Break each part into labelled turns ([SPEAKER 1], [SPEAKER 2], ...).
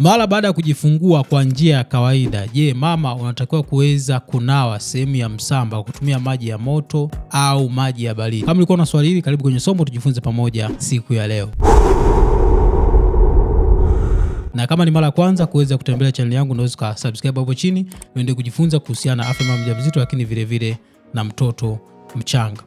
[SPEAKER 1] Mara baada ya kujifungua kwa njia ya kawaida, je, mama unatakiwa kuweza kunawa sehemu ya msamba kwa kutumia maji ya moto au maji ya baridi? Kama ulikuwa na swali hili, karibu kwenye somo tujifunze pamoja siku ya leo. Na kama ni mara ya kwanza kuweza kutembelea chaneli yangu, unaweza ka subscribe hapo chini uende kujifunza kuhusiana na afya mama mjamzito, lakini vile vile na mtoto mchanga.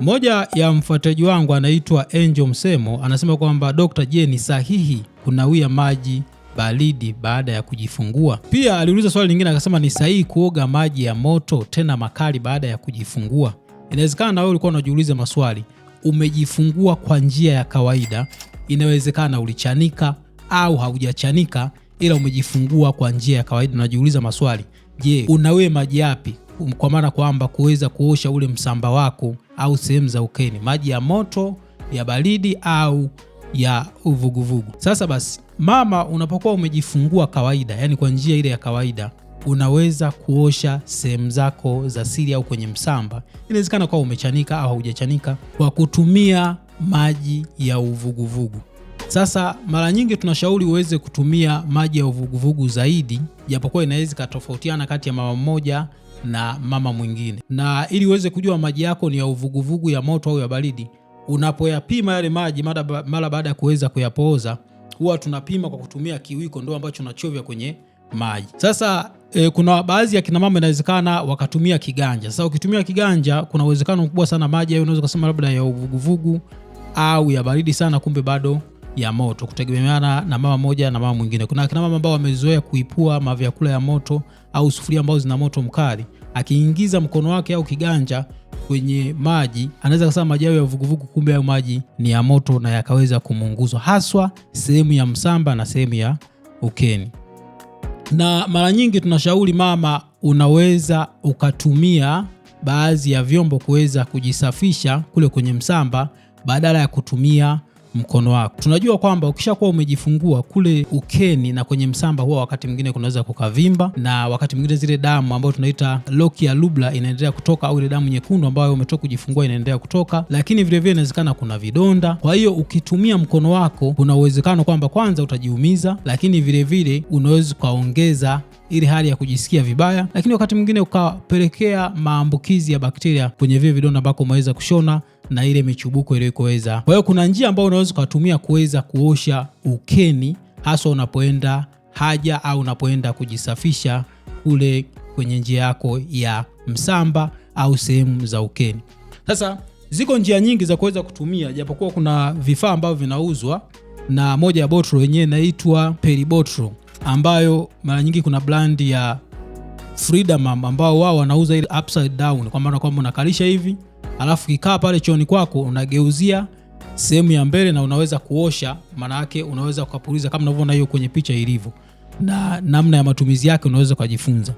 [SPEAKER 1] Mmoja ya mfuataji wangu anaitwa Angel Msemo anasema kwamba Dr. je, ni sahihi kunawia maji baridi baada ya kujifungua. Pia aliuliza swali lingine akasema, ni sahihi kuoga maji ya moto tena makali baada ya kujifungua? Inawezekana na wewe ulikuwa unajiuliza maswali, umejifungua kwa njia ya kawaida, inawezekana ulichanika au haujachanika, ila umejifungua kwa njia ya kawaida. Unajiuliza maswali, je, unawe maji yapi? Kwa maana kwamba kuweza kuosha ule msamba wako au sehemu za ukeni, maji ya moto, ya baridi au ya uvuguvugu. Sasa basi, mama, unapokuwa umejifungua kawaida, yani kwa njia ile ya kawaida, unaweza kuosha sehemu zako za siri au kwenye msamba, inawezekana kuwa umechanika au haujachanika, kwa kutumia maji ya uvuguvugu. Sasa mara nyingi tunashauri uweze kutumia maji ya uvuguvugu zaidi, japokuwa inaweza ikatofautiana kati ya mama mmoja na mama mwingine. Na ili uweze kujua maji yako ni ya uvuguvugu, ya moto au ya baridi, unapoyapima yale maji mara baada ya kuweza kuyapooza, huwa tunapima kwa kutumia kiwiko, ndo ambacho unachovya kwenye maji. Sasa e, kuna baadhi ya kina mama inawezekana wakatumia kiganja. Sasa ukitumia kiganja, kuna uwezekano mkubwa sana maji hayo unaweza kusema labda ya uvuguvugu au ya baridi sana, kumbe bado ya moto, kutegemeana na mama moja na mama mwingine. Kuna kina mama ambao wamezoea kuipua mavyakula ya moto au sufuria ambazo zina moto mkali akiingiza mkono wake au kiganja kwenye maji anaweza kusema maji hayo ya vuguvugu, kumbe hayo maji ni ya moto na yakaweza kumunguzwa, haswa sehemu ya msamba na sehemu ya ukeni. Na mara nyingi tunashauri mama, unaweza ukatumia baadhi ya vyombo kuweza kujisafisha kule kwenye msamba badala ya kutumia mkono wako. Tunajua kwamba ukishakuwa umejifungua kule ukeni na kwenye msamba, huwa wakati mwingine kunaweza kukavimba, na wakati mwingine zile damu ambayo tunaita loki ya lubla inaendelea kutoka, au ile damu nyekundu ambayo umetoka kujifungua inaendelea kutoka, lakini vilevile inawezekana kuna vidonda. Kwa hiyo ukitumia mkono wako, kuna uwezekano kwamba kwanza utajiumiza, lakini vilevile unaweza ukaongeza ili hali ya kujisikia vibaya, lakini wakati mwingine ukapelekea maambukizi ya bakteria kwenye vile vidonda ambako umeweza kushona na ile michubuko iliyoweza. Kwa hiyo kuna njia ambayo unaweza ukatumia kuweza kuosha ukeni, haswa unapoenda haja au unapoenda kujisafisha kule kwenye njia yako ya msamba au sehemu za ukeni. Sasa ziko njia nyingi za kuweza kutumia, japokuwa kuna vifaa ambavyo vinauzwa na moja ya botro yenyewe inaitwa Peribotro, ambayo mara nyingi kuna brand ya Freedom ambao wao wanauza ile upside down, kwa maana kwamba unakalisha hivi alafu kikaa pale chooni kwako unageuzia sehemu ya mbele na unaweza kuosha, maana yake unaweza kupuliza kama unavyoona hiyo kwenye picha ilivyo, na namna ya matumizi yake unaweza kujifunza.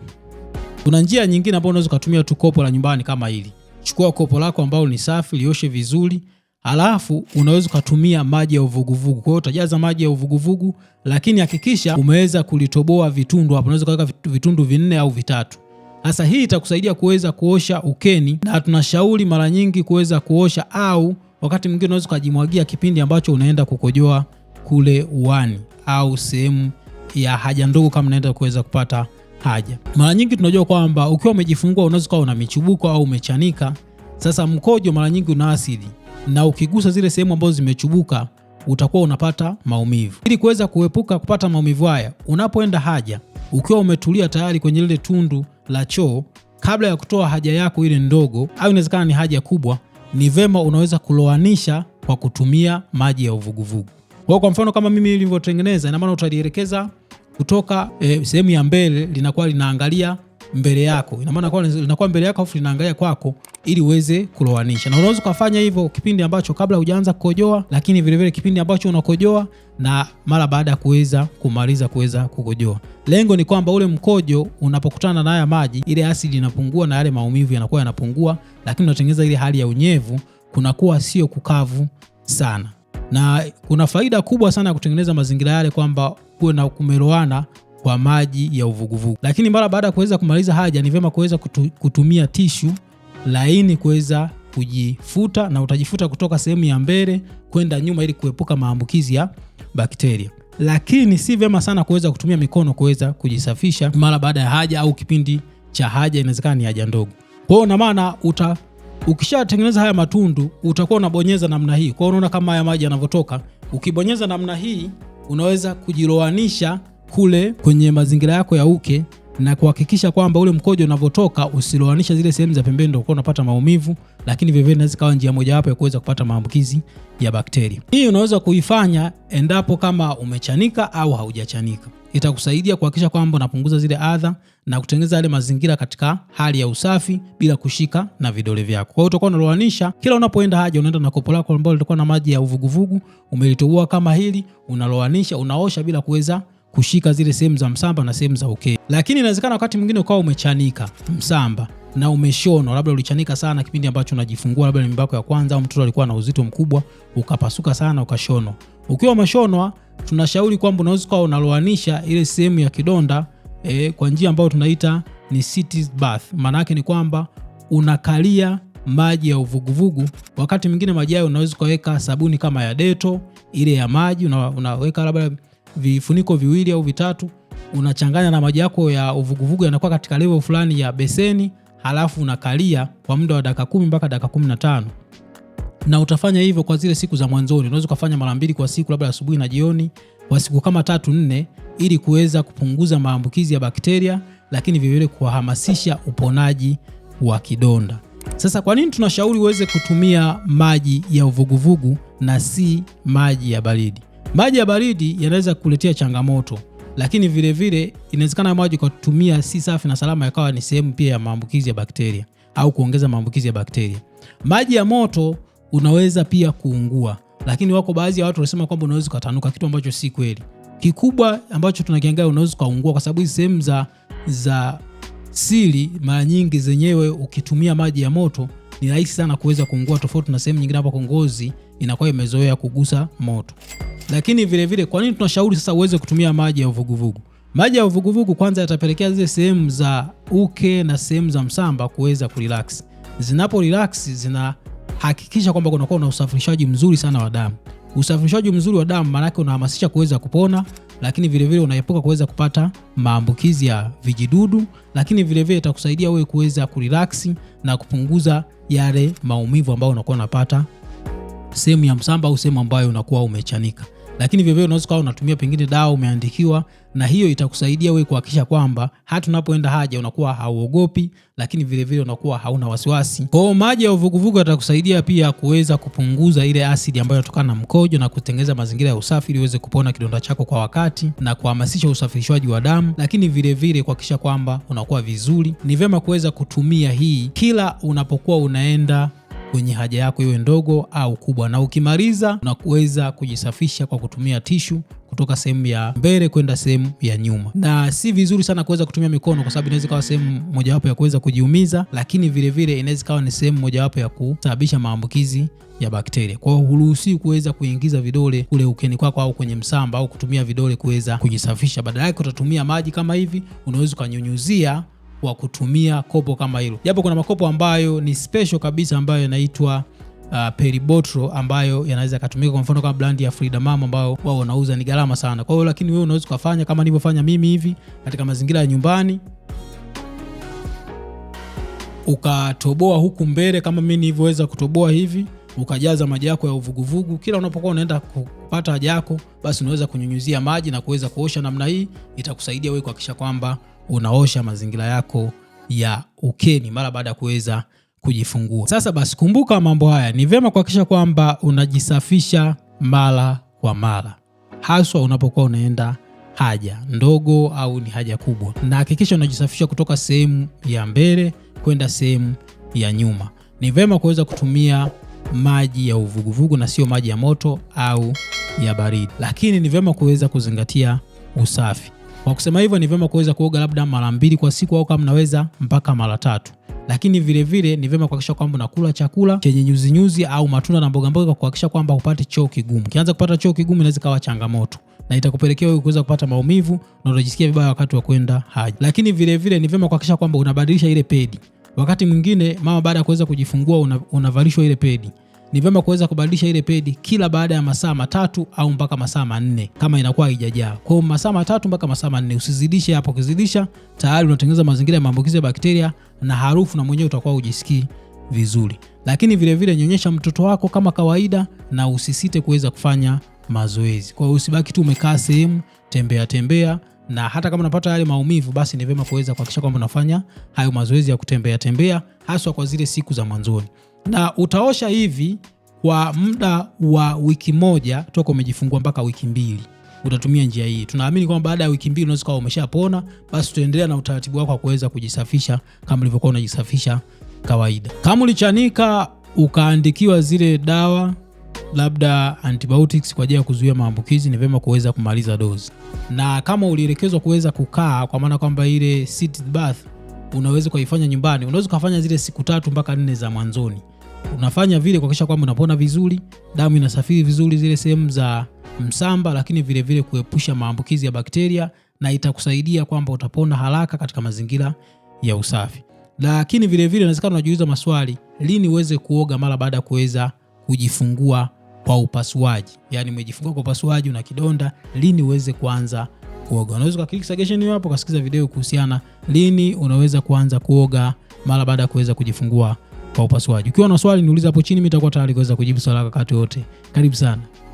[SPEAKER 1] Kuna njia nyingine ambayo unaweza kutumia tu kopo la nyumbani kama hili. Chukua kopo lako ambalo ni safi, lioshe vizuri, alafu unaweza kutumia maji ya uvuguvugu. Kwa hiyo utajaza maji ya uvuguvugu, lakini hakikisha umeweza kulitoboa vitundu hapo. Unaweza kuweka vitundu vinne au vitatu sasa hii itakusaidia kuweza kuosha ukeni, na tunashauri mara nyingi kuweza kuosha, au wakati mwingine unaweza ukajimwagia kipindi ambacho unaenda kukojoa kule uani au sehemu ya haja ndogo, kama unaenda kuweza kupata haja. Mara nyingi tunajua kwamba ukiwa umejifungua unaweza kuwa una michubuko au umechanika. Sasa mkojo mara nyingi una asidi, na ukigusa zile sehemu ambazo zimechubuka utakuwa unapata maumivu. Ili kuweza kuepuka kupata maumivu haya, unapoenda haja ukiwa umetulia tayari kwenye lile tundu la choo, kabla ya kutoa haja yako ile ndogo au inawezekana ni haja kubwa, ni vema unaweza kuloanisha kwa kutumia maji ya uvuguvugu. Kwa kwa mfano kama mimi nilivyotengeneza, ina maana utalielekeza kutoka e, sehemu ya mbele linakuwa linaangalia mbele yako, ina maana kwa linakuwa mbele yako afu linaangalia kwako ili uweze kuloanisha, na unaweza kufanya hivyo kipindi ambacho kabla hujaanza kukojoa, lakini vile vile kipindi ambacho unakojoa na mara baada ya kuweza kumaliza kuweza kukojoa. Lengo ni kwamba ule mkojo unapokutana na haya maji, ile asidi inapungua na yale maumivu yanakuwa yanapungua, lakini unatengeneza ile hali ya unyevu, kunakuwa sio kukavu sana, na kuna faida kubwa sana ya kutengeneza mazingira yale kwamba kuwe na kumeloana kwa maji ya uvuguvugu. Lakini mara baada ya kuweza kumaliza haja, ni vyema kuweza kutu, kutumia tishu laini kuweza kujifuta, na utajifuta kutoka sehemu ya mbele kwenda nyuma ili kuepuka maambukizi ya bakteria. Lakini si vyema sana kuweza kutumia mikono kuweza kujisafisha mara baada ya haja au kipindi cha haja, inawezekana ni haja ndogo. Kwa hiyo na maana uta ukishatengeneza haya matundu utakuwa unabonyeza namna hii. Kwa hiyo unaona kama haya maji yanavyotoka, ukibonyeza namna hii unaweza kujiloanisha kule kwenye mazingira yako ya uke na kuhakikisha kwamba ule mkojo unavyotoka usiloanisha zile sehemu za pembeni, ndio unapata maumivu, lakini vivyo hivyo inaweza kawa njia mojawapo ya kuweza kupata maambukizi ya bakteria. Hii unaweza kuifanya endapo kama umechanika au haujachanika, itakusaidia kuhakikisha kwamba unapunguza zile adha na kutengeneza yale mazingira katika hali ya usafi bila kushika na vidole vyako. Kwa hiyo utakuwa unaloanisha kila unapoenda haja, unaenda na kopo lako ambalo na maji ya uvuguvugu, umelitoboa kama hili, unaloanisha, unaosha bila kuweza kushika zile sehemu za msamba na sehemu za ukeni. Lakini inawezekana wakati mwingine ukawa umechanika msamba na umeshonwa, labda ulichanika sana kipindi ambacho unajifungua, labda mimba yako ya kwanza, au mtoto alikuwa na uzito mkubwa, ukapasuka sana, ukashonwa. Ukiwa umeshonwa, tunashauri kwamba unaweza ukawa unaloanisha ile sehemu ya kidonda e, kwa njia ambayo tunaita ni city bath. Maana yake ni kwamba unakalia maji ya uvuguvugu. Wakati mwingine maji hayo unaweza ukaweka sabuni kama ya deto ile ya maji, una, unaweka labda vifuniko viwili au vitatu, unachanganya na maji yako ya uvuguvugu, yanakuwa katika level fulani ya beseni, halafu unakalia kwa muda wa dakika kumi mpaka dakika kumi na tano na utafanya hivyo kwa zile siku za mwanzoni. Unaweza ukafanya mara mbili kwa siku, labda asubuhi na jioni, kwa siku kama tatu nne, ili kuweza kupunguza maambukizi ya bakteria, lakini vilevile kuwahamasisha uponaji wa kidonda. Sasa kwa nini tunashauri uweze kutumia maji ya uvuguvugu na si maji ya baridi? Maji ya baridi yanaweza kuletea changamoto, lakini vilevile inawezekana maji kwa kutumia si safi na salama yakawa ni sehemu pia ya maambukizi ya bakteria au kuongeza maambukizi ya bakteria. Maji ya moto unaweza pia kuungua, lakini wako baadhi ya watu wanasema kwamba unaweza ukatanuka, kitu ambacho si kweli. Kikubwa ambacho tunakiangalia, unaweza ukaungua kwa sababu hizi sehemu za, za siri mara nyingi zenyewe ukitumia maji ya moto ni rahisi sana kuweza kuungua, tofauti na sehemu nyingine ambapo ngozi inakuwa imezoea kugusa moto. Lakini vile vile, kwa nini tunashauri sasa uweze kutumia maji ya uvuguvugu? Maji ya uvuguvugu kwanza yatapelekea zile sehemu za uke na sehemu za msamba kuweza kurelax. Zinapo relax zinahakikisha kwamba kunakuwa na usafirishaji mzuri sana wa damu. Usafirishaji mzuri wa damu maana yake unahamasisha kuweza kupona, lakini vile unaepuka kuweza kupata maambukizi ya vijidudu, lakini vile itakusaidia wewe kuweza kurelax na kupunguza yale maumivu ambayo unakuwa unapata sehemu ya msamba au sehemu ambayo unakuwa umechanika lakini vilevile unaweza ukawa unatumia pengine dawa umeandikiwa, na hiyo itakusaidia wewe kuhakikisha kwamba hata unapoenda haja unakuwa hauogopi, lakini vile vile unakuwa hauna wasiwasi. Kwa hiyo maji ya uvuguvugu yatakusaidia pia kuweza kupunguza ile asidi ambayo inatokana na mkojo na kutengeneza mazingira ya usafi ili uweze kupona kidonda chako kwa wakati na kuhamasisha usafirishaji wa damu, lakini vile vile kuhakikisha kwamba unakuwa vizuri. Ni vyema kuweza kutumia hii kila unapokuwa unaenda kwenye haja yako iwe ndogo au kubwa, na ukimaliza unakuweza kujisafisha kwa kutumia tishu kutoka sehemu ya mbele kwenda sehemu ya nyuma, na si vizuri sana kuweza kutumia mikono kwa sababu inaweza ikawa sehemu mojawapo ya kuweza kujiumiza, lakini vilevile inaweza ikawa ni sehemu mojawapo ya kusababisha maambukizi ya bakteria. Kwa hiyo huruhusiwi kuweza kuingiza vidole kule ukeni kwako au kwenye msamba au kutumia vidole kuweza kujisafisha. Badala yake utatumia maji kama hivi, unaweza ukanyunyuzia wa kutumia kopo kama hilo, japo kuna makopo ambayo ni special kabisa ambayo yanaitwa Uh, peribotro ambayo yanaweza yakatumika kwa mfano kama brand ya Frida Mama ambayo wao wanauza ni gharama sana. Kwa hiyo lakini wewe unaweza ukafanya kama nilivyofanya mimi hivi katika mazingira ya nyumbani, ukatoboa huku mbele kama mimi nilivyoweza kutoboa hivi, ukajaza maji yako ya uvuguvugu. Kila unapokuwa unaenda kupata haja yako, basi unaweza kunyunyuzia maji na kuweza kuosha namna hii, itakusaidia wewe kuhakikisha kwamba unaosha mazingira yako ya ukeni mara baada ya kuweza kujifungua. Sasa basi, kumbuka mambo haya, ni vyema kuhakikisha kwamba unajisafisha mara kwa mara, haswa unapokuwa unaenda haja ndogo au ni haja kubwa, na hakikisha unajisafisha kutoka sehemu ya mbele kwenda sehemu ya nyuma. Ni vyema kuweza kutumia maji ya uvuguvugu na sio maji ya moto au ya baridi, lakini ni vyema kuweza kuzingatia usafi. Kwa kusema hivyo, ni vyema kuweza kuoga labda mara mbili kwa siku au kama mnaweza mpaka mara tatu lakini vilevile ni vyema kuhakikisha kwamba unakula chakula chenye nyuzi nyuzi au matunda na mboga mboga, kwa kuhakikisha kwamba hupati choo kigumu. Ukianza kupata choo kigumu, inaweza kawa changamoto na itakupelekea wewe kuweza kupata maumivu na unajisikia vibaya wakati wa kwenda haja. Lakini vilevile ni vyema kuhakikisha kwamba unabadilisha ile pedi. Wakati mwingine mama baada ya kuweza kujifungua unavalishwa ile pedi ni vyema kuweza kubadilisha ile pedi kila baada ya masaa matatu au mpaka masaa manne kama inakuwa haijajaa. Kwa hiyo masaa matatu mpaka masaa manne, usizidishe hapo. Ukizidisha tayari unatengeneza mazingira ya maambukizi ya bakteria na harufu, na mwenyewe utakuwa hujisikii vizuri. Lakini vilevile nyonyesha mtoto wako kama kawaida na usisite kuweza kufanya mazoezi. Kwa hiyo usibaki tu umekaa sehemu, tembea tembea na hata kama unapata yale maumivu basi ni vyema kuweza kuhakikisha kwamba unafanya hayo mazoezi ya kutembea tembea, haswa kwa zile siku za mwanzoni na utaosha hivi kwa muda wa wiki moja toka umejifungua mpaka wiki mbili utatumia njia hii. Tunaamini kwamba baada ya wiki mbili unaweza kuwa umeshapona, basi utaendelea na utaratibu wako wa kuweza kujisafisha kama ulivyokuwa unajisafisha kawaida. Kama ulichanika ukaandikiwa zile dawa labda antibiotics kwa ajili ya kuzuia maambukizi, ni vyema kuweza kumaliza dozi, na kama ulielekezwa kuweza kukaa, kwa maana kwamba ile seated bath unaweza ukaifanya nyumbani, unaweza ukafanya zile siku tatu mpaka nne za mwanzoni unafanya vile kuhakikisha kwamba unapona vizuri, damu inasafiri vizuri zile sehemu za msamba, lakini vile vile kuepusha maambukizi ya bakteria, na itakusaidia kwamba utapona haraka katika mazingira ya usafi. Lakini vile vile inawezekana unajiuliza maswali, lini uweze kuoga mara baada ya kuweza kujifungua kwa upasuaji, yaani umejifungua kwa upasuaji, una kidonda, lini uweze kuanza kuoga. Unaweza ukaklik suggestion hiyo hapo, ukasikiza video kuhusiana lini unaweza kuanza kuoga mara baada ya kuweza kujifungua kwa upasuaji. Ukiwa na swali niuliza hapo chini, mimi nitakuwa tayari kuweza kujibu swali lako wakati wote. Karibu sana.